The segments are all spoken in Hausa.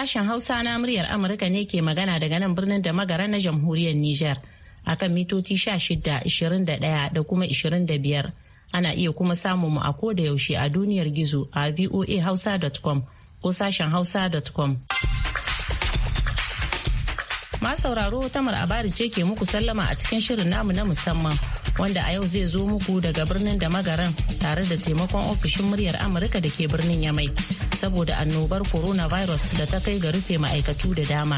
Sashen Hausa na muryar Amurka ne ke magana daga nan birnin da magara na jamhuriyar Nijar akan mitoci sha 16, 21 da kuma da biyar. Ana iya kuma samun mu a koda yaushe a duniyar gizo a voahausa.com ko sashen hausa.com. Ma sauraro Tamar Abari ce ke muku sallama a cikin shirin namu na musamman wanda a yau zai zo muku daga birnin da magaran tare da taimakon ofishin muryar Amurka da ke birnin Yamai saboda annobar coronavirus da ta kai ga rufe ma'aikatu da dama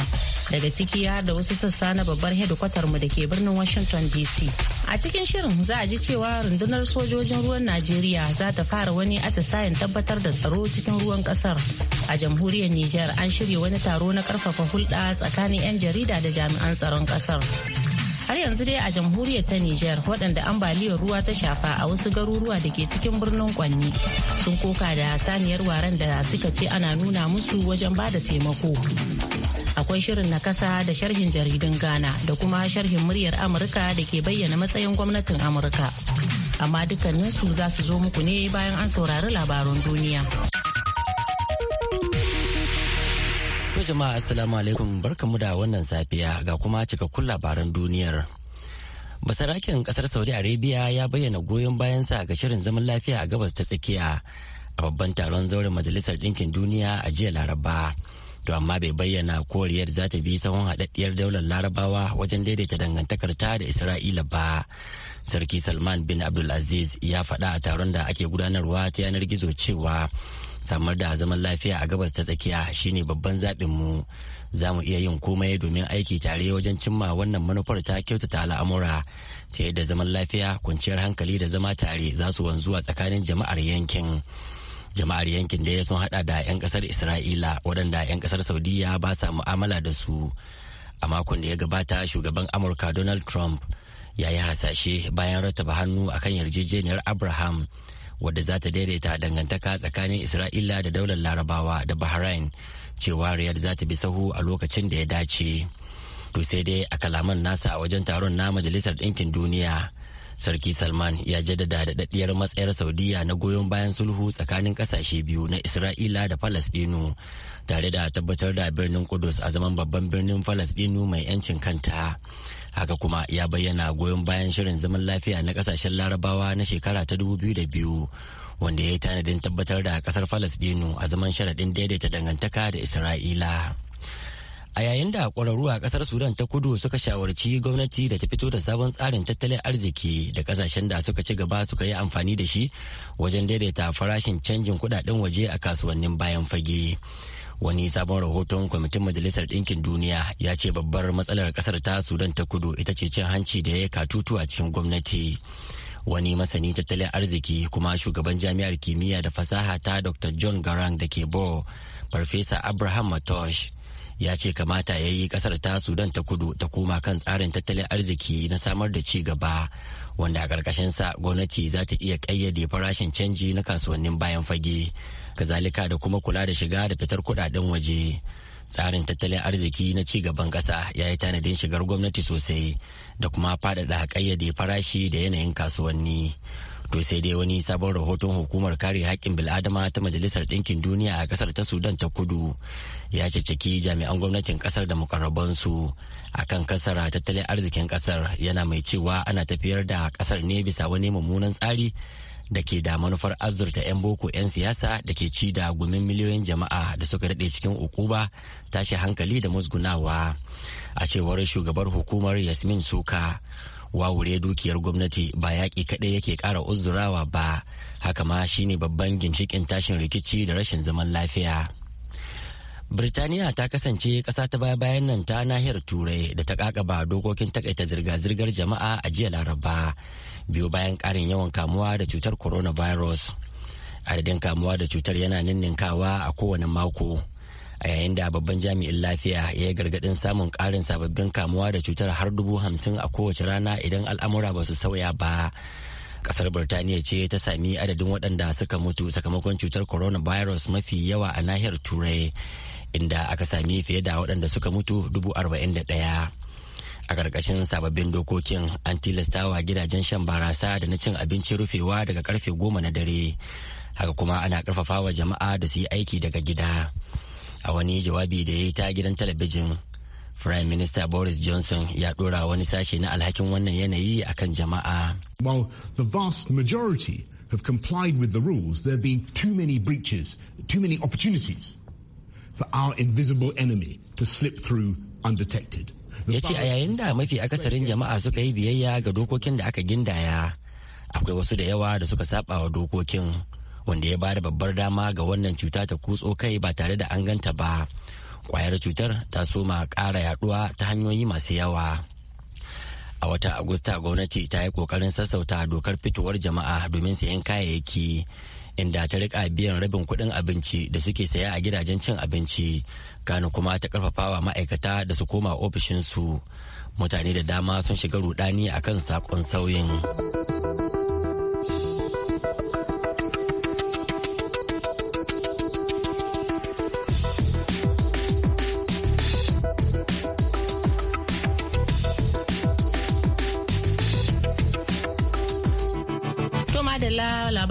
daga ciki har da wasu sassa na babbar hedikwatar mu da ke birnin Washington DC. A cikin shirin za a ji cewa rundunar sojojin ruwan Najeriya za ta fara wani atisayen tabbatar da tsaro cikin ruwan kasar. A jamhuriyar niger an shirya wani taro na karfafa hulɗa tsakanin 'yan jarida jarida da jami'an tsaron kasar. har yanzu dai a jamhuriyar ta Nijar waɗanda ambaliyar ruwa ta shafa a wasu garuruwa da ke cikin birnin Kwanni sun koka da saniyar waren da suka ce ana nuna musu wajen ba da taimako. Akwai shirin na kasa da sharhin jaridun Ghana da kuma sharhin muryar Amurka da ke bayyana matsayin gwamnatin Amurka. Amma dukkaninsu za su zo muku ne bayan an saurari labarun duniya. To jama'a assalamu alaikum barkamu da wannan safiya ga kuma cikakkun labaran duniyar. basarakin kasar Saudi Arabia ya bayyana goyon bayansa ga shirin zaman lafiya a gabas ta tsakiya a babban taron zauren majalisar ɗinkin duniya a jiya Laraba. to amma bai bayyana koriyar za ta bi sahun haɗaɗɗiyar daular larabawa wajen daidaita dangantakar ta da isra'ila ba sarki salman bin abdulaziz ya faɗa a taron da ake gudanarwa ta yanar gizo cewa samar da zaman lafiya a gabas ta tsakiya shine babban zaɓinmu za mu iya yin komai domin aiki tare wajen cimma wannan manufar ta kyautata al'amura ta yadda zaman lafiya kwanciyar hankali da zama tare za su wanzu a tsakanin jama'ar yankin jama'ar yankin da sun hada da 'yan kasar isra'ila waɗanda 'yan kasar saudiya ba sa mu'amala da su a makon da ya gabata shugaban amurka donald trump ya yi hasashe bayan rattaba hannu akan yarjejeniyar abraham wadda za ta daidaita dangantaka tsakanin isra'ila da daular larabawa da bahrain cewa riyad za ta bi sahu a lokacin da ya dace to sai dai a kalaman nasa a wajen taron na majalisar ɗinkin duniya sarki salman ya jaddada daɗaɗɗiyar matsayar saudiya na goyon bayan sulhu tsakanin ƙasashe biyu na isra'ila da falasɗinu tare da tabbatar da birnin kudus a zaman babban birnin falasɗinu mai 'yancin kanta haka kuma ya bayyana goyon bayan shirin zaman lafiya na kasashen larabawa na shekara ta da biyu wanda ya yi tanadin tabbatar da kasar falasdino a zaman sharaɗin daidaita dangantaka da isra'ila a yayin da ƙwararru a ƙasar sudan ta kudu suka shawarci gwamnati da ta fito da sabon tsarin tattalin arziki da ƙasashen da suka ci gaba suka yi amfani da shi wajen daidaita farashin canjin kudaden waje a kasuwannin bayan fage wani sabon rahoton kwamitin majalisar ɗinkin duniya ya ce babbar matsalar ƙasar ta sudan ta kudu ita ce cin hanci da ya katutu a cikin gwamnati wani masani tattalin arziki kuma shugaban jami'ar kimiyya da fasaha ta dr john garang da ke bo farfesa abraham matosh ya ce kamata ya yi kasar ta sudan ta kudu ta koma kan tsarin tattalin arziki na samar da ci gaba wanda a ƙarƙashinsa gwamnati za ta iya ƙayyade farashin canji na kasuwannin bayan fage kazalika da kuma kula da shiga da fitar kudaden waje tsarin tattalin arziki na ci gaban ƙasa ya yi tanadin shigar gwamnati sosai da kuma faɗaɗa ƙayyade farashi da yanayin kasuwanni to sai dai wani sabon rahoton hukumar kare haƙƙin bil'adama ta majalisar ɗinkin duniya a ƙasar ta sudan ta kudu ya ceceki jami'an gwamnatin ƙasar da mukarrabansu akan kasara tattalin arzikin ƙasar yana mai cewa ana tafiyar da ƙasar ne bisa wani mummunan tsari da ke da manufar azurta 'yan boko 'yan siyasa da ke ci da gumin miliyoyin jama'a da suka daɗe cikin ukuba tashi hankali da musgunawa a cewar shugabar hukumar yasmin suka wawure dukiyar gwamnati ba yaƙi kaɗai yake ƙara uzurawa ba haka ma shine babban gimshikin tashin rikici da rashin zaman lafiya Birtaniya ta kasance ƙasa ta baya bayan nan ta nahiyar turai da ta ƙaƙaba dokokin takaita zirga-zirgar jama'a a jiya laraba biyu bayan ƙarin yawan kamuwa da cutar coronavirus adadin kamuwa da cutar yana ninninkawa a kowane mako a yayin da babban jami'in lafiya ya yi gargadin samun karin sababbin kamuwa da cutar har dubu hamsin a kowace rana idan al'amura ba su sauya ba kasar birtaniya ce ta sami adadin waɗanda suka mutu sakamakon cutar coronavirus mafi yawa a nahiyar turai inda aka sami fiye da waɗanda suka mutu dubu arba'in da ɗaya a ƙarƙashin sababbin dokokin an tilastawa gidajen shan barasa da na cin abinci rufewa daga karfe goma na dare haka kuma ana wa jama'a da su yi aiki daga gida a wani jawabi da ya yi ta gidan talabijin Prime Minister Boris Johnson ya ɗora wani sashe na alhakin wannan yanayi akan jama'a. While the vast majority have complied with the rules, there have been too many breaches, too many opportunities our invisible enemy to slip through undetected. ya ce a yayin da mafi akasarin jama'a suka yi biyayya ga dokokin da aka gindaya akwai wasu da yawa da suka saba wa dokokin wanda ya bada babbar dama ga wannan cuta ta kutso kai ba tare da an ganta ba kwayar cutar ta soma ƙara yaduwa ta hanyoyi masu yawa a wata agusta gwamnati ta yi kokarin sassauta dokar fitowar jama'a domin sayan kayayyaki inda ta rika biyan rabin kuɗin abinci da suke saya a gidajen cin abinci kano kuma ta karfafawa ma'aikata da su koma ofishinsu mutane da dama sun shiga rudani akan sakon sauyin.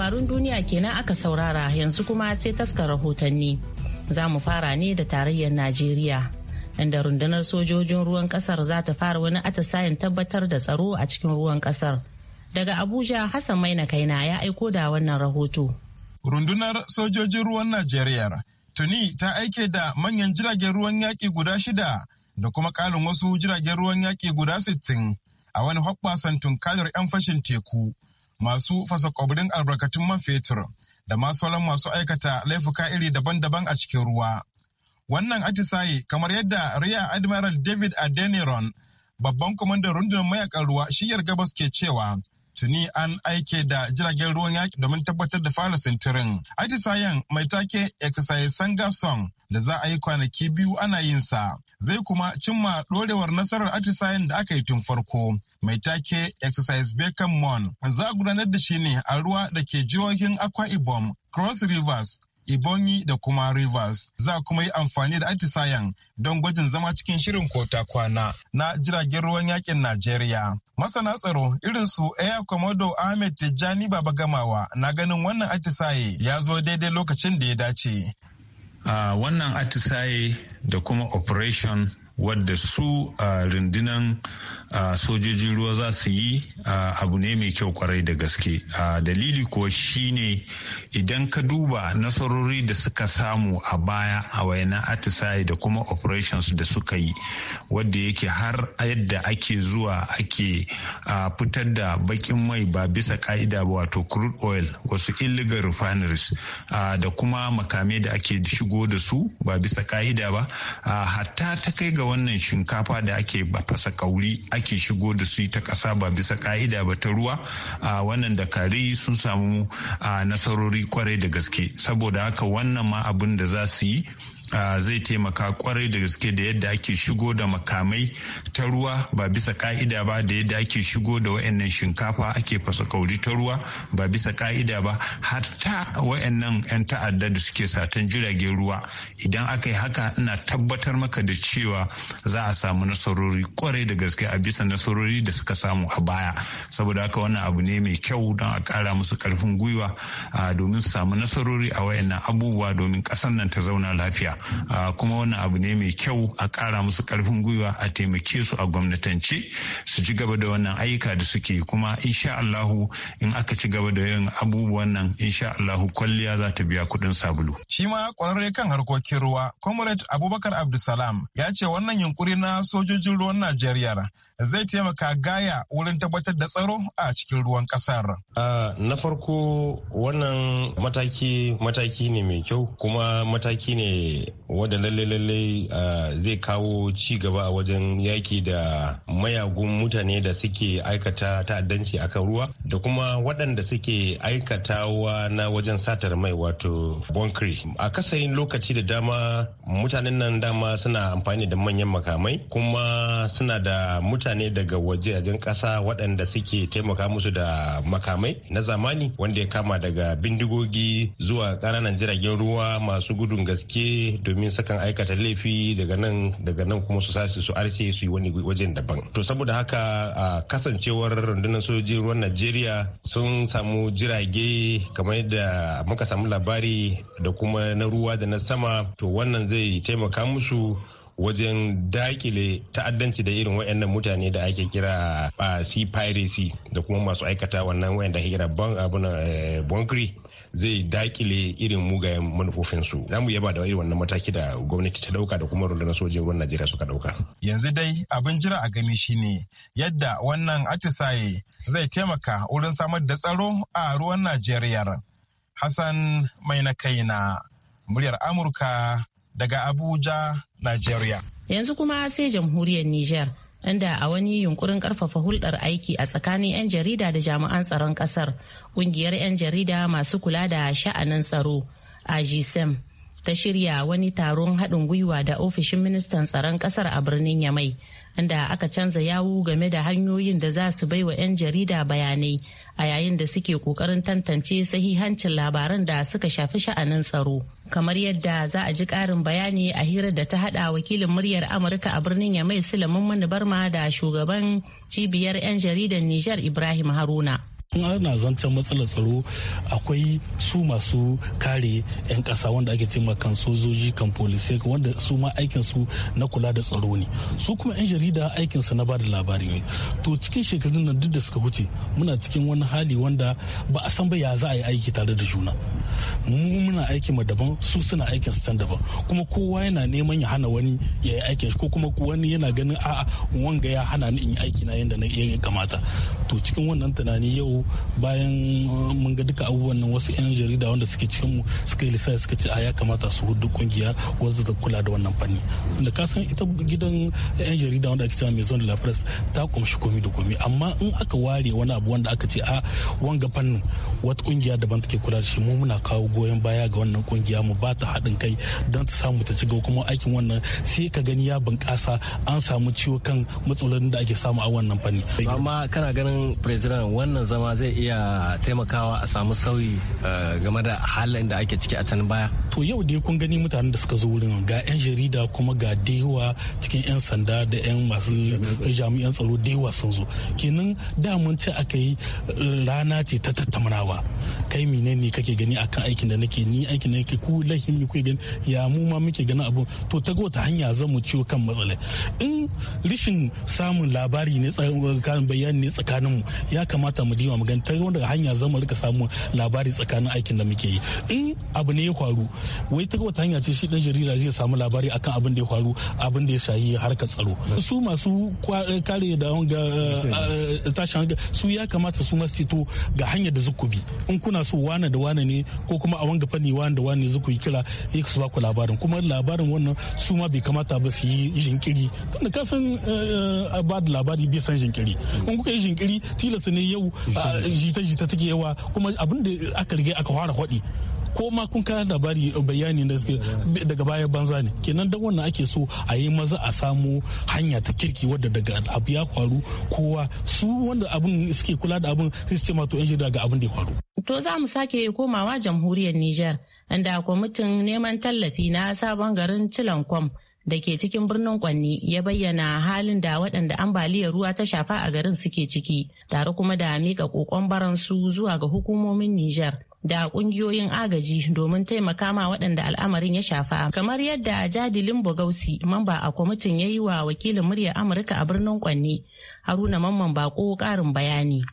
labarun duniya kenan aka saurara yanzu kuma sai taska rahotanni. Za mu fara ne da tarayyar Najeriya. Inda rundunar sojojin ruwan kasar za ta fara wani atisayen tabbatar da tsaro a cikin ruwan kasar. Daga Abuja, Hassan Maina Kaina ya aiko da wannan rahoto. Rundunar sojojin ruwan Najeriya tuni ta aike da manyan jiragen ruwan yaƙi guda shida da kuma ƙarin wasu jiragen ruwan yaƙi guda sittin a wani hoɓɓasan tunkarar 'yan fashin teku. masu fasa kwabrin albarkatun man fetur da ma sauran masu aikata laifuka iri daban-daban a cikin ruwa. Wannan atisaye kamar yadda Riya Admiral David Adeniran babban kwamandan rundunar mayakan ruwa shiyar gabas ke cewa tuni an aike da jiragen ruwan yaki domin tabbatar da fara sintirin. Atisayen mai take exercise sanga song da za a yi kwanaki biyu ana yin sa zai kuma cimma ɗorewar nasarar atisayen da aka yi tun farko. Mai take exercise Beckham Mon za a gudanar da shi ne a ruwa da ke jihohin Akwa Ibom, Cross Rivers, Ebonyi da kuma Rivers. Za kuma yi amfani da atisayen don gwajin zama cikin shirin kota kwana na jiragen ruwan yakin Najeriya. Masana tsaro irin su Air Komodo Ahmed Tijjani Baba Gamawa na ganin wannan atisaye ya zo daidai lokacin da ya dace. Uh, wannan atisaye da kuma operation wadda su a rundunan sojojin ruwa za su yi abu ne mai kyau kwarai da gaske dalili kuwa shine idan ka duba nasarori da suka samu a baya a wayana atisaye da kuma operations da suka yi wadda yake har yadda ake zuwa ake fitar da bakin mai ba bisa ka'ida ba wato crude oil wasu illegal refineries da kuma makamai da ake shigo da su ba bisa ka'ida ba hatta ta kai ga ga wannan shinkafa da ake fasa kauri ake shigo da su ta ƙasa ba bisa ka'ida ba ta ruwa a wannan dakari sun samu nasarori kwarai da gaske saboda haka wannan ma abin da za su yi zai taimaka kwarai da gaske da yadda ake shigo da makamai ta ruwa ba bisa ka'ida ba da yadda ake shigo da wayannan shinkafa ake fasa kauri ta ruwa ba bisa ka'ida ba hatta wayannan 'yan ta'adda da suke satan jiragen ruwa idan aka yi haka ina tabbatar maka da cewa za a samu nasarori kwarai da gaske a bisa nasarori da suka samu a baya saboda haka wannan abu ne mai kyau don a kara musu karfin gwiwa domin su samu nasarori a wayannan abubuwa domin ƙasar nan ta zauna lafiya Ah, kuma wannan abu ne mai kyau a kara musu karfin gwiwa a taimake su a gwamnatance su ci gaba da wannan ayyuka da suke kuma insha Allahu in aka ci gaba da yin abubuwan nan insha Allahu kwalliya za ta biya kuɗin sabulu. Shi ma ƙwararre kan harkokin ruwa Comrade Abubakar Abdulsalam ya ce wannan yunkuri na sojojin ruwan Najeriya zai taimaka gaya wurin tabbatar da tsaro a cikin ruwan kasar. Na farko wannan mataki mataki ne mai kyau kuma mataki ne wanda lalle-lalle zai kawo ci gaba a wajen yaki da mayagun mutane da suke aikata ta'addanci kan ruwa da kuma waɗanda suke aikatawa na wajen satar mai wato bonkri. A kasayin lokaci da dama mutanen nan dama suna amfani da manyan makamai kuma suna da mutane mutane daga wajajen ƙasa waɗanda suke taimaka musu da makamai na zamani wanda ya kama daga bindigogi zuwa ƙananan jiragen ruwa masu gudun gaske domin sakan aikata laifi daga nan daga nan kuma su sasi su arce su yi wani wajen daban to saboda haka a kasancewar rundunar sojojin ruwan najeriya sun samu jirage kamar yadda muka samu labari da kuma na ruwa da na sama to wannan zai taimaka musu wajen dakile ta'addanci da irin wayannan mutane da ake kira sea piracy da kuma masu aikata wannan da ake kira eh, bunkri zai dakile irin mugayen manufofinsu za mu yaba da irin wannan mataki da gwamnati ta dauka da kuma rundunar sojin ruwan najeriya suka dauka yanzu dai abin jira a gani shine yadda wannan atisaye zai taimaka wurin samar da tsaro a ruwan najeriya hassan mai na kaina muryar amurka daga Abuja, Nigeria. Yanzu kuma sai jamhuriyar Nijar. inda a wani yunkurin karfafa hulɗar aiki a tsakanin 'yan jarida da jami'an tsaron ƙasar ƙungiyar 'yan jarida masu kula da sha'anin tsaro a gsm e ta shirya wani taron haɗin gwiwa da ofishin ministan tsaron ƙasar a birnin yamai inda aka canza yawu game da hanyoyin da za su baiwa 'yan jarida bayanai a yayin da suke ƙoƙarin tantance sahihancin labaran da suka shafi sha'anin tsaro. kamar yadda za a ji karin bayani a hirar da ta hada wakilin muryar amurka a birnin yamai sulamin mani barma da shugaban cibiyar 'yan jaridar nijar ibrahim haruna in ana zancen matsalar tsaro akwai su masu kare 'yan kasa wanda ake cema kan sojoji kan polisai wanda su ma aikin na kula da tsaro ne su kuma 'yan jarida aikin su na bada labari ne to cikin shekarun nan duk da suka wuce muna cikin wani hali wanda ba a san ba ya za a yi aiki tare da juna mu muna aiki ma daban su suna aikin su can daban kuma kowa yana neman ya hana wani ya yi aikin shi ko kuma wani yana ganin a'a wanga ya hana ni in yi aiki na yanda na iya kamata to cikin wannan tunani yau bayan uh, mun ga duka abubuwan nan wasu 'yan jarida wanda suke cikin mu suka yi lissafi suka ce a ya kamata su hudu kungiya wanda da kula da wannan fanni da ka san ita gidan 'yan jarida wanda ake cewa maison de la presse ta kumshi komi da komi amma in aka ware wani abu wanda aka ce a wanga fannin wata kungiya daban take kula da shi mu muna kawo goyon baya ga wannan kungiya mu ba ta haɗin kai don ta samu ta ci gaba kuma aikin wannan sai ka gani ya bunƙasa an samu ciwo kan matsalolin da ake samu a wannan fanni amma kana ganin president wannan zama zai iya taimakawa a samu sauyi eh, game da halin da ake ciki a can baya to yau dai kun gani mutanen da suka zo wurin ga 'yan jarida kuma ga dewa cikin 'yan sanda da 'yan masu jami'an tsaro dewa sun zo kenan damun ce aka yi eh, rana ce ta tattaunawa kai mine ne kake gani akan aikin da nake ni aikin da nake ku lahin mi gani ya mu ma muke gani abu to ta wata hanya zan mu ciwo kan matsala in rishin samun labari ne tsakanin bayani ne tsakanin mu ya kamata mu dima mu gani ta wanda hanya zan mu rika samu labari tsakanin aikin da muke yi in abu ne ya faru wai ta wata hanya ce shi dan jarida zai samu labari akan abin da ya faru abin da ya shahi harkar tsaro su masu eh, kare da eh, eh, tashin su ya kamata su masu masito ga hanyar da zuku bi in kuna so wane da wane ne ko kuma a wanga fanni wane da wane zuku yi kira ya su baku labarin kuma labarin wannan su ma bai kamata ba su yi jinkiri tunda ka san ba da labari bai san jinkiri in kuka yi jinkiri tilasta ne yau ah, jita-jita take yawa kuma abin da aka riga aka fara faɗi ko ma kun kana labari eh, bayani da daga baya banza ne kenan dan wannan ake so a yi maza a samu hanya ta kirki wadda daga abu ya faru kowa su wanda abun suke kula da abun sai su ce ma to yan daga abun da ya faru to za mu sake komawa jamhuriyar Nijar inda kwamitin neman tallafi na sabon garin chilankom da ke cikin birnin Kwanni ya bayyana halin da waɗanda ambaliyar ruwa ta shafa a garin suke ciki tare kuma da mika ƙoƙon baransu zuwa ga hukumomin Nijar. da kungiyoyin agaji domin taimaka ma waɗanda al'amarin ya shafa kamar yadda jadilin bogausi mamba a kwamitin ya yi wa wakilin muryar amurka a birnin kwanne haruna mamman bako ƙarin bayani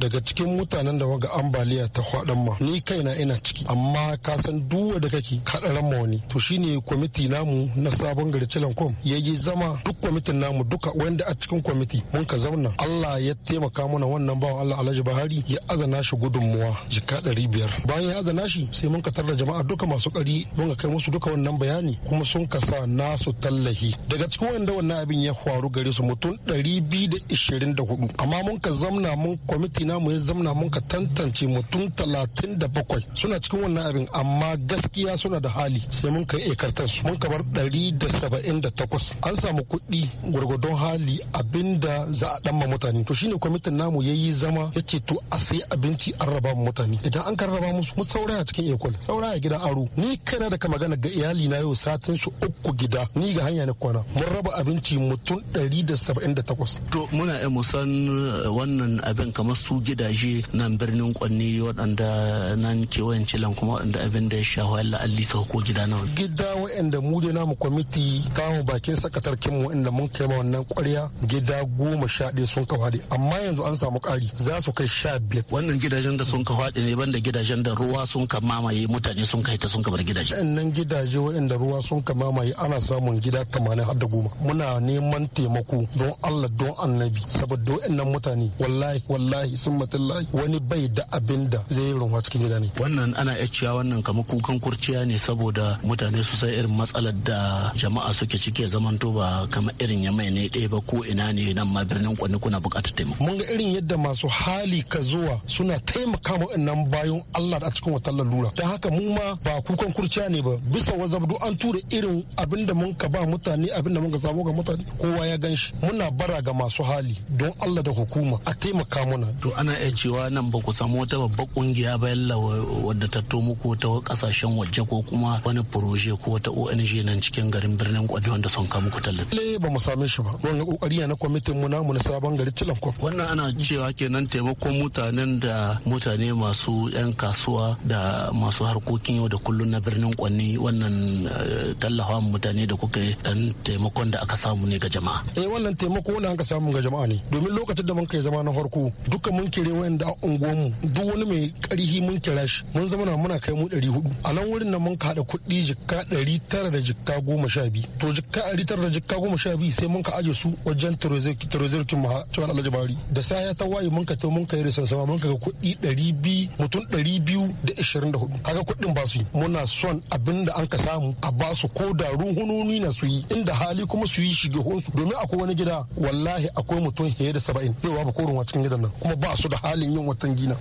daga cikin mutanen da waga ambaliya ta kwaɗan ma ni kai na ina ciki amma ka san duwa da kake kaɗaran ma wani to shine kwamiti namu na sabon gari cilankom ya yi zama duk kwamitin namu duka wanda a cikin kwamiti mun ka zauna Allah ya taimaka mana wannan bawan Allah Alhaji Bahari ya azana shi gudunmuwa jika ɗari biyar bayan ya azana shi sai mun ka tarra jama'a duka masu ƙari mun kai musu duka wannan bayani kuma sun ka sa nasu tallahi daga cikin wanda wannan abin ya faru gare su mutum ɗari biyu da ishirin da hudu amma mun ka zamna mun kwamiti namu ya zamna mun ka tantance mutum talatin da bakwai suna cikin wannan abin amma gaskiya suna da hali sai mun kai ekartar su mun kamar ɗari da saba'in da takwas an samu kuɗi gwargwadon hali abinda za a ma mutane to shine kwamitin namu ya yi zama ya ce to a sai abinci an raba mutane idan an kan raba musu mu sauraya cikin ekol sauraya gidan aro ni kana da ka magana ga iyali na yau satin su uku gida ni ga hanya na kwana mun raba abinci mutum ɗari da saba'in da takwas. to muna iya musan eh, wannan abin kamar wasu gidaje nan birnin kwanni waɗanda nan kewayen cilan kuma waɗanda abin da ya Allah la'alli sau ko gida nawa. gida waɗanda mu da namu kwamiti ta mu bakin sakatarkin mu inda mun kai ma wannan kwarya gida goma sha ɗaya sun kafa amma yanzu an samu ƙari za su kai sha biyar. wannan gidajen da sun kafa ne banda gidajen da ruwa sun ka mamaye mutane sun kai ta sun ka bar gidaje. waɗannan gidaje waɗanda ruwa sun ka mamaye ana samun gida tamanin har da goma muna neman taimako don Allah don annabi saboda waɗannan mutane wallahi wallahi sun matallahi wani bai da abin da zai yi runwa cikin gida ne wannan ana iya cewa wannan kamar kukan kurciya ne saboda mutane su sai irin matsalar da jama'a suke cike zamanto ba kamar irin ya mai ne ɗaya ba ko ina ne nan ma birnin kwanne kuna buƙatar taimako mun ga irin yadda masu hali ka zuwa suna taimaka ma nan bayan Allah a cikin wata lalura don haka mu ma ba kukan kurciya ne ba bisa wazab duk an tura irin abin da mun ka ba mutane abin da mun ka samu ga mutane kowa ya gan shi muna bara ga masu hali don Allah da hukuma a taimaka mana to ana iya cewa nan ba ku samu wata babbar kungiya ba yalla wadda ta to muku ta kasashen waje ko kuma wani proje ko wata ONG nan cikin garin birnin Kwado wanda son ka ku tallafi. Le ba mu same shi ba. Wani kokari na kwamitin mu namu na sabon gari Tilankwa. Wannan ana cewa kenan taimakon mutanen da mutane masu yan kasuwa da masu harkokin yau da kullun na birnin Kwanni wannan eh, tallafa mutane da kuka yi dan taimakon da aka samu ne ga jama'a. Eh wannan taimako ne aka samu ga jama'a ne domin lokacin da mun kai zama na farko dukkan mun kire wayanda unguwan unguwanmu duk wani mai karhi mun kira shi mun zama muna kai mu ɗari a nan wurin nan mun kaɗa kuɗi jikka ɗari tara da jikka goma sha to jikka 900 da jikka goma sha sai mun ka aje su wajen terrorism ma cewa alhaji bari da saya ta waye mun ka to mun ka yi risansama mun ka ga kuɗi ɗari biyu mutum ɗari biyu da ishirin da kaga kuɗin ba su muna son abin da an ka samu a ba su ko da ruhunoni na su yi inda hali kuma su yi shige honsu domin akwai wani gida wallahi akwai mutum fiye da saba'in yau ba korin cikin gidan nan kuma ba su da halin yin watan gina.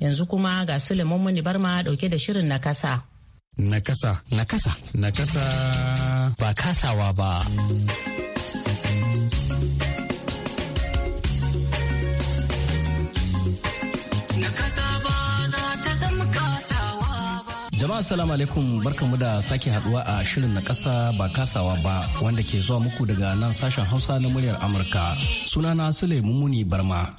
Yanzu kuma ga Suleiman Muni Barma dauke da shirin na kasa. Na kasa. Na kasa. Na kasa. Ba kasawa ba. Jama'a salamu alaikum barkanmu da sake haduwa a shirin na kasa ba kasawa ba wanda ke zuwa muku daga nan sashen Hausa na muryar Amurka. Sunana Sule muni Barma.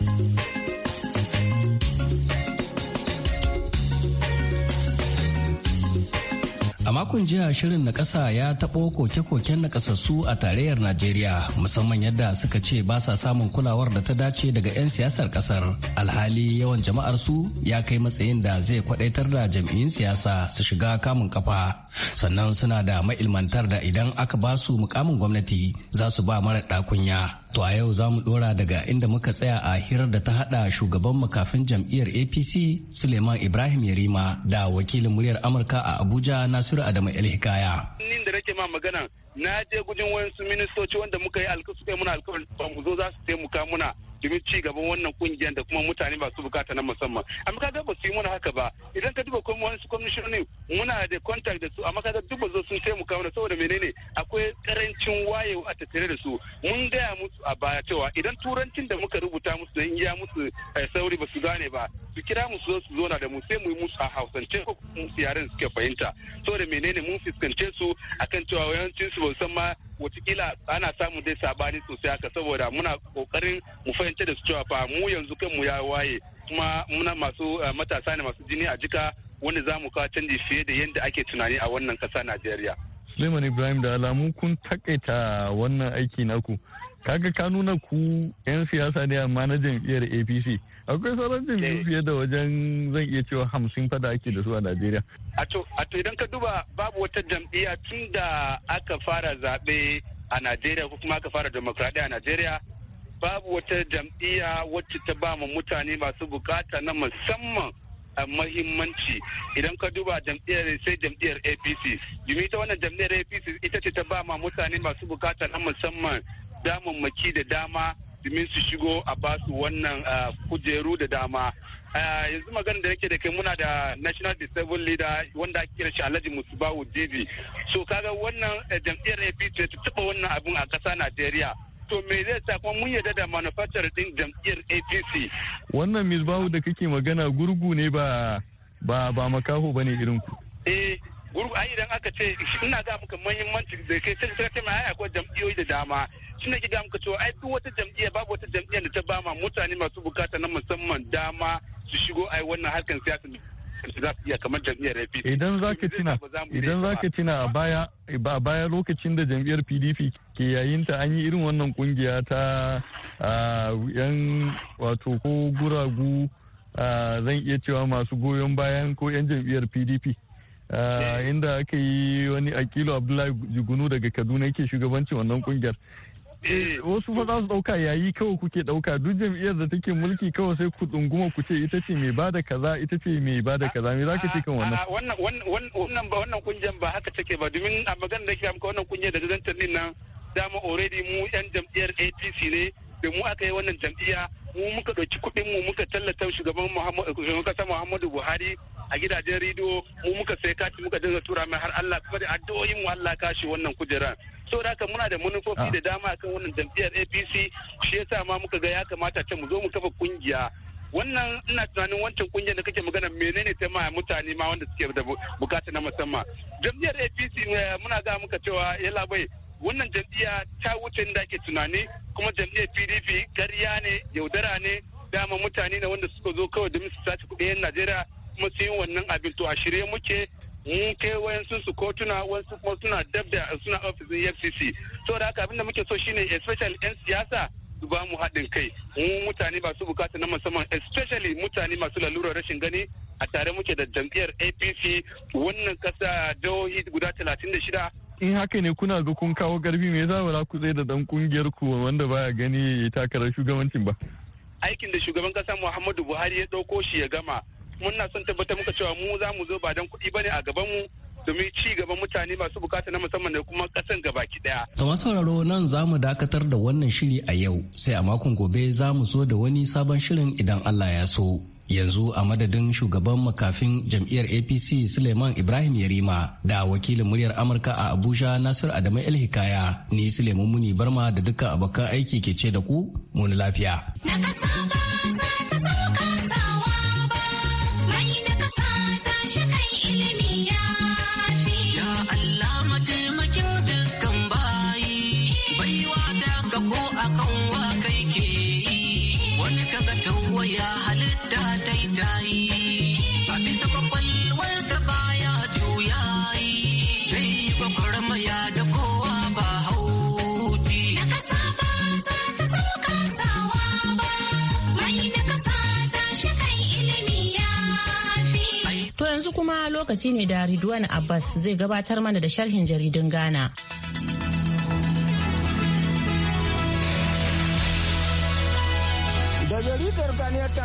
makon jiya shirin na ƙasa ya taɓo koke-koken na ƙasassu a tarayyar Najeriya musamman yadda suka ce ba sa samun kulawar da ta dace daga 'yan siyasar ƙasar alhali yawan jama'ar su ya kai matsayin da zai kwadaitar da jam'iyyun siyasa su shiga kamun kafa sannan suna da ma'ilmantar da idan aka ba su mukamin gwamnati za su ba mara ɗakunya. To a yau za mu dora daga inda muka tsaya a hirar da ta hada shugaban makafin jam'iyyar APC Suleiman Ibrahim Yarima da wakilin muryar Amurka a Abuja Nasiru Adamu El Hikaya. Nin da nake ma magana na je gudun wayansu ministoci wanda muka yi alƙa suka yi muna alƙawarin ba mu zo za su taimaka muna domin ci gaban wannan kungiyar da kuma mutane masu bukata na musamman amma kaga ba su yi mana haka ba idan ka duba kuma wani kwamishoni muna da contact da su amma kaga duk ba zo sun taimaka mana saboda menene akwai karancin wayewa a tattare da su mun gaya musu a baya cewa idan turancin da muka rubuta musu da ya musu eh, sauri ba su gane ba su kira musu su zo na da mu sai mu yi musu a hausance ko musu yaren suke fahimta saboda menene mun fuskance su akan cewa yawancin su ba san ma watakila ana samun dai sabani sosai haka saboda muna kokarin mu fahimta fahimtar da su cewa fa mu yanzu kanmu ya waye kuma muna masu eh, matasa ne masu jini a jika wanda za mu kawo canji fiye da yadda ake tunani a wannan kasa Najeriya. Suleiman Ibrahim da alamu kun takaita wannan aiki naku. Kaga ka nuna ku 'yan siyasa ne amma na jam'iyyar APC. Akwai sauran jam'iyyu eh. fiye da wajen zan iya cewa hamsin fada ake da su a Najeriya. A to idan ka duba babu wata jam'iyya tun da aka fara zaɓe a Najeriya ko kuma aka fara demokradiyya a Najeriya babu wata jam'iyya wacce ta ba mu mutane masu bukata na musamman a mahimmanci idan ka duba jam'iyyar sai jam'iyyar apc domin ita wannan jam'iyyar apc ita ce ta ba ma mutane masu bukata na musamman damammaki da dama domin su shigo a basu wannan kujeru da dama yanzu magana da nake da kai muna da national disabled leader wanda ake kira shi alhaji musubawu didi so kaga wannan eh, jam'iyyar apc ta taba wannan abun a ƙasa najeriya to me zai sa mun yadda da manufatar din jam'iyyar APC. Wannan misbahu da kake magana gurgu ne ba ba ba makaho bane irin ku. Eh gurgu ai idan aka ce ina ga muka muhimmanci da kai sai sai mai ai akwai jam'iyyoyi da dama shine ki ga muka cewa ai duk wata jam'iyya babu wata jam'iyya da ta ba ma mutane masu bukata na musamman dama su shigo ai wannan harkan siyasa za su iya kamar jam'iyyar APC. Idan za ka tuna, idan za ka tuna a baya, ba baya lokacin da jam'iyyar PDP ke yayin ta an yi irin wannan kungiya ta yan wato ko guragu zan iya cewa masu goyon bayan ko yan jam'iyyar PDP. Eh. inda aka yi wani akilu abdullahi jigunu daga kaduna yake shugabancin wannan kungiyar eh wasu fa za su dauka yayi kawai kuke ɗauka duk jam'iyyar da take mulki kawai sai ku dunguma ku ce ita ce mai bada kaza ita ce mai bada kaza me ka ce kan wannan wannan ba wannan kungiyar ba haka take ba domin a magana da ke amka wannan kungiyar da gazantar din nan dama already mu yan jam'iyyar APC ne da mu aka yi wannan jam'iyya mu muka ɗauki kuɗin mu muka tallata shugaban kasa Muhammadu Buhari a gidajen rediyo mu muka sai kati muka dinga tura mai har Allah kuma da addu'o'in mu Allah kashi wannan kujeran saboda haka muna da manufofi da ah. dama akan wannan jam'iyyar APC shi yasa ma muka ga ya kamata ta mu zo mu kafa kungiya wannan ina tunanin wancan kungiyar da kake magana menene ta ma mutane ma wanda suke da bukata na musamman jam'iyyar apc eh, muna ga muka cewa yalla bai wannan jam'iyya ta wuce da ake tunani kuma jam'iyyar pdp karya ne yaudara ne dama mutane na wanda suka zo kawai domin su sace kuɗin najeriya kuma su yi wannan abin to a shirye muke mun kai wayansu su kotuna wayansu kuma suna dab da suna ofisin e fcc da haka abin da muke so shine especially 'yan siyasa su ba mu haɗin kai mu mutane masu bukata na musamman especially mutane masu lalurar rashin gani a tare muke da jam'iyyar apc wannan ƙasa jihohi guda talatin da shida in haka ne kuna ga kun kawo karfi me yasa wala ku tsaye da dan kungiyar ku wanda baya gani ya takarar shugabancin ba aikin da shugaban kasa Muhammadu Buhari ya dauko shi ya gama muna son tabbatar muka cewa mu za mu zo ba dan kuɗi bane a gaban mu domin ci gaban mutane masu bukata na musamman da kuma kasan gabaki daya. masu sauraro nan za mu dakatar da wannan shiri a yau sai a makon gobe za mu zo da wani sabon shirin idan Allah ya so. yanzu a madadin shugaban makafin jam'iyyar apc suleiman ibrahim yarima da wakilin muryar amurka a abuja nasir adamu el hikaya ni suleiman muni barma da dukkan abokan aiki ke ce da ku muni lafiya Yeah. da daidai a bisa kwakwalwarsa baya juyayi zai yi gwagwarmaya da kowa ba haufi na kasa ba za ta sauka sawa ba mai na kasa ta shi ilimi ya fi to yanzu kuma lokaci ne da Ridwan Abbas zai gabatar mana da sharhin jaridun Ghana.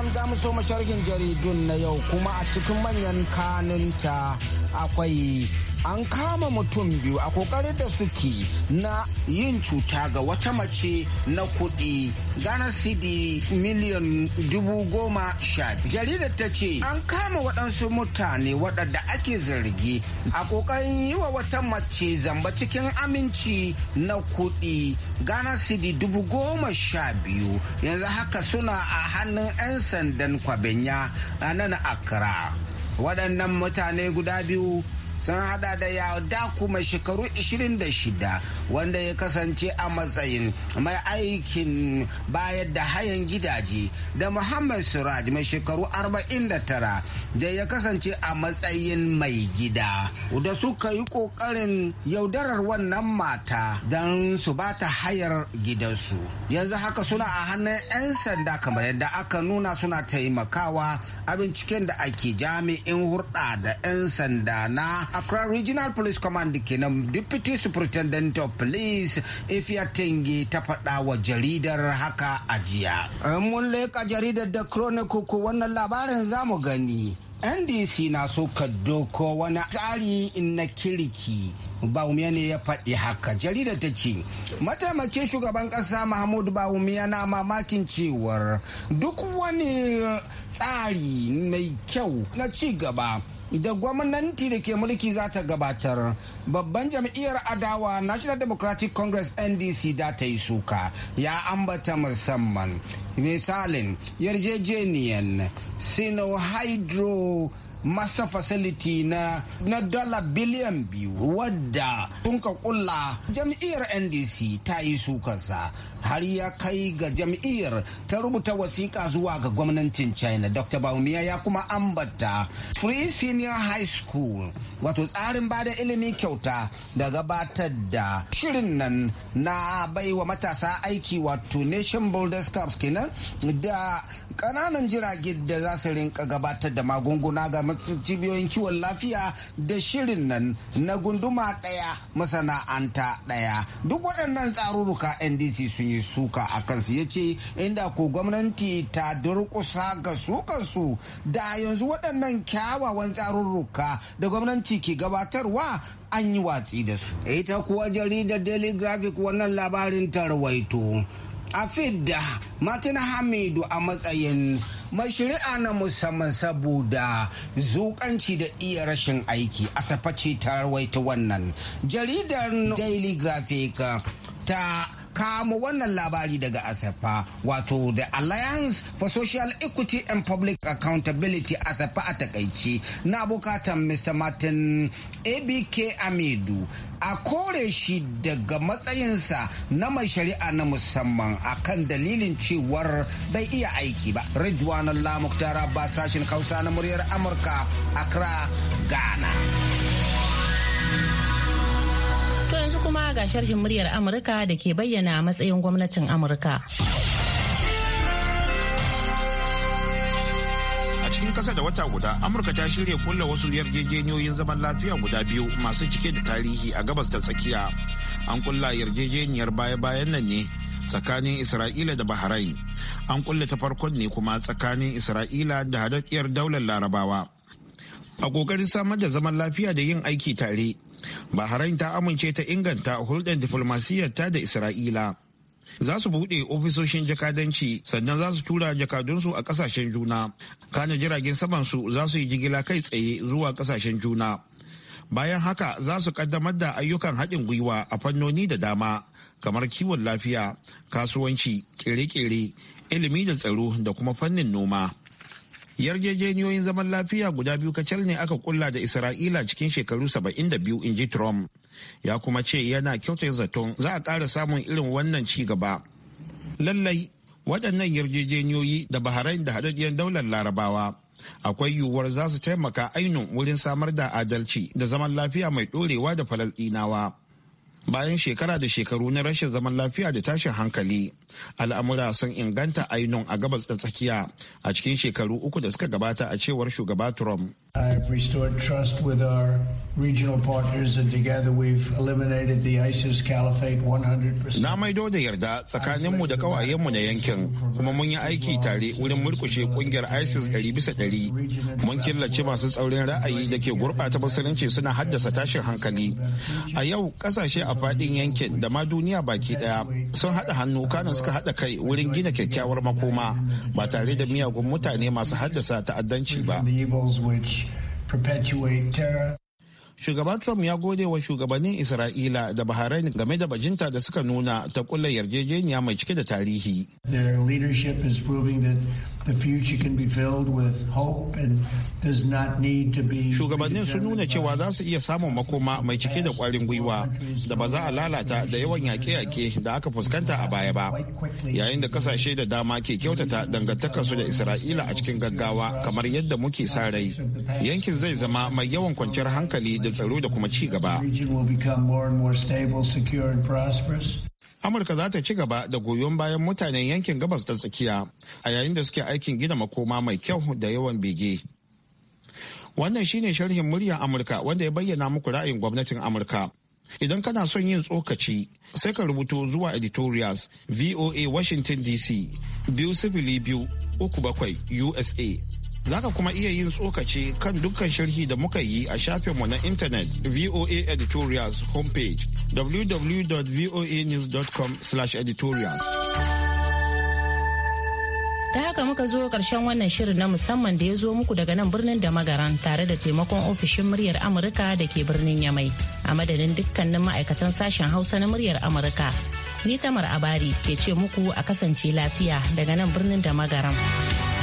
Madam za mu so masharhin jaridun na yau kuma a cikin manyan kanunta akwai an kama mutum biyu a kokarin da suke na yin cuta ga wata mace na kuɗi gana sidi miliyan dubu goma sha jaridar ta ce an kama waɗansu mutane waɗanda ake zargi a kokarin yi wa wata mace zamba cikin aminci na kuɗi gana sidi dubu goma sha biyu yanzu haka suna a hannun 'yan sandan kwabenya a nan akara. waɗannan mutane guda biyu sun hada da Yaudaku mai shekaru 26 wanda ya kasance a matsayin mai aikin bayar da hayan gidaje da Muhammad Suraj mai shekaru 49 da ya kasance a matsayin mai gida da suka yi kokarin yaudarar wannan mata don su ba ta hayar gidansu yanzu haka suna a hannun 'yan sanda kamar yadda aka nuna suna taimakawa a binciken da ake jami'in hurɗa da 'yan sanda na Accra Regional Police Command kenan Deputy Superintendent of Police Ifya Tengi ta faɗa wa jaridar haka a jiya. Eh, mun leƙa jaridar da Chronicle wannan labarin zamu gani. ndc na so ka doko wani tsari na kirki baumiya ne ya faɗi haka jaridar ta ce mataimakin shugaban ƙasa mahmud baumiya na mamakin cewar duk wani tsari mai kyau na ci gaba idan gwamnati da ke mulki za ta gabatar babban jam'iyyar adawa national democratic congress ndc za ta yi suka ya ambata musamman misalin yarjejeniyan hydro Masa facility na na dala biliyan biyu wadda tun ka kulla jam'iyyar ndc ta yi sukarsa har ya kai ga jam'iyyar ta rubuta wasiƙa zuwa ga gwamnatin china dr baumiya ya kuma ambata free senior high school wato tsarin bada ilimi kyauta da gabatar da shirin nan na baiwa matasa aiki wato nation builders cups kenan da Kananan jirage da za su rinka gabatar da magunguna ga cibiyoyin kiwon lafiya da shirin nan na gunduma ɗaya masana'anta ɗaya duk waɗannan tsarurruka ndc sun yi suka a kansu ya ce inda ko gwamnati ta durƙusa ga su kansu da yanzu waɗannan kyawawan tsarurruka da gwamnati ke gabatarwa an yi watsi da su ita kuwa jaridar daily graphic wannan labarin ta rawaito a fidda martina hamidu a matsayin mai shari'a na musamman saboda zukanci da iya rashin aiki a safaci ta rawaita wannan jaridar daily graphic ta kamo wannan labari daga asafa wato the alliance for social equity and public accountability asafa a takaice na bukatan mr martin abk amedu a kore shi daga matsayinsa na mai shari'a na musamman akan dalilin cewar bai iya aiki ba ridwan allah muktar abbas sashen kausa na muryar amurka accra ghana Yanzu kuma ga sharhin muryar Amurka da ke bayyana matsayin gwamnatin Amurka. A cikin kasa da wata guda, Amurka ta shirya kulla wasu yarjejeniyoyin zaman lafiya guda biyu masu cike da tarihi a gabas ta tsakiya. An kulla yarjejeniyar baya-bayan nan ne tsakanin Isra'ila da Bahrain. An kulle ta farkon ne kuma tsakanin Isra'ila da hadaddiyar daular Larabawa. A ƙoƙarin samar da zaman lafiya da yin aiki tare, bahrain ta amince ta inganta hulɗar ta da isra'ila za su buɗe ofisoshin jakadanci sannan za su tura jakadunsu a ƙasashen juna kana jiragen samansu za su yi jigila kai tsaye zuwa ƙasashen juna bayan haka za su ƙaddamar da ayyukan haɗin gwiwa a fannoni da dama kamar kiwon lafiya kasuwanci kere-kere ilimi da tsaro da kuma fannin noma yarjejeniyoyin zaman lafiya guda biyu kacal ne aka kulla da isra'ila cikin shekaru 72 in ji trump ya kuma ce yana kyautar zaton za a ƙara samun irin wannan ci gaba lallai waɗannan yarjejeniyoyi da bahrain da haɗaɗɗiyar daular larabawa akwai yiwuwar za su taimaka ainun wurin samar da adalci da zaman lafiya mai ɗorewa da falasɗinawa bayan shekara da shekaru na rashin zaman lafiya da tashin hankali al'amura sun inganta ainun a gabas da tsakiya a cikin shekaru uku da suka gabata a cewar shugaba trump I've restored trust with our regional partners and together we've eliminated the ISIS caliphate 100%. Na maido da yarda tsakaninmu da kawayenmu na yankin kuma mun yi aiki tare wurin murkushe kungiyar ISIS 100 bisa ɗari Mun killace masu tsaurin ra'ayi da ke gurɓata musulunci suna haddasa tashin hankali. A yau ƙasashe a faɗin yankin da ma duniya baki ɗaya sun haɗa hannu kanan suka haɗa kai wurin gina kyakkyawar makoma ba tare da miyagun mutane masu haddasa ta'addanci ba. shugaban trump ya gode wa shugabannin isra'ila da bahrain game da bajinta da suka nuna ta kulla yarjejeniya mai cike da tarihi shugabannin sun nuna cewa za su iya samun makoma mai cike da kwarin gwiwa da ba za a lalata da yawan yaƙe-yaƙe da aka fuskanta a baya ba yayin da kasashe da dama ke kyautata dangantakarsu da isra'ila a cikin gaggawa kamar yadda muke sa rai yankin zai zama mai yawan kwanciyar hankali da da tsaro da kuma ci gaba. Amurka za ta ci gaba da goyon bayan mutanen yankin gabas da tsakiya a yayin da suke aikin gina makoma mai kyau da yawan bege. Wannan shine sharhin muryar Amurka wanda ya bayyana muku ra'ayin gwamnatin Amurka. Idan kana son yin tsokaci, sai ka rubuto zuwa editorials VOA Washington DC biyu sifili biyu uku bakwai USA Zaka kuma iya yin tsokaci kan dukkan sharhi da muka yi a shafinmu na intanet VOA editorials homepage www.voanews.com/editorials. Da haka muka zo karshen wannan shirin na musamman da ya zo muku daga nan birnin da magaran tare da taimakon ofishin muryar Amurka da ke birnin Yamai a madadin dukkanin ma'aikatan sashen Hausa na muryar Amurka. Ni Tamar Abari ke ce muku a kasance lafiya daga nan birnin da magaran.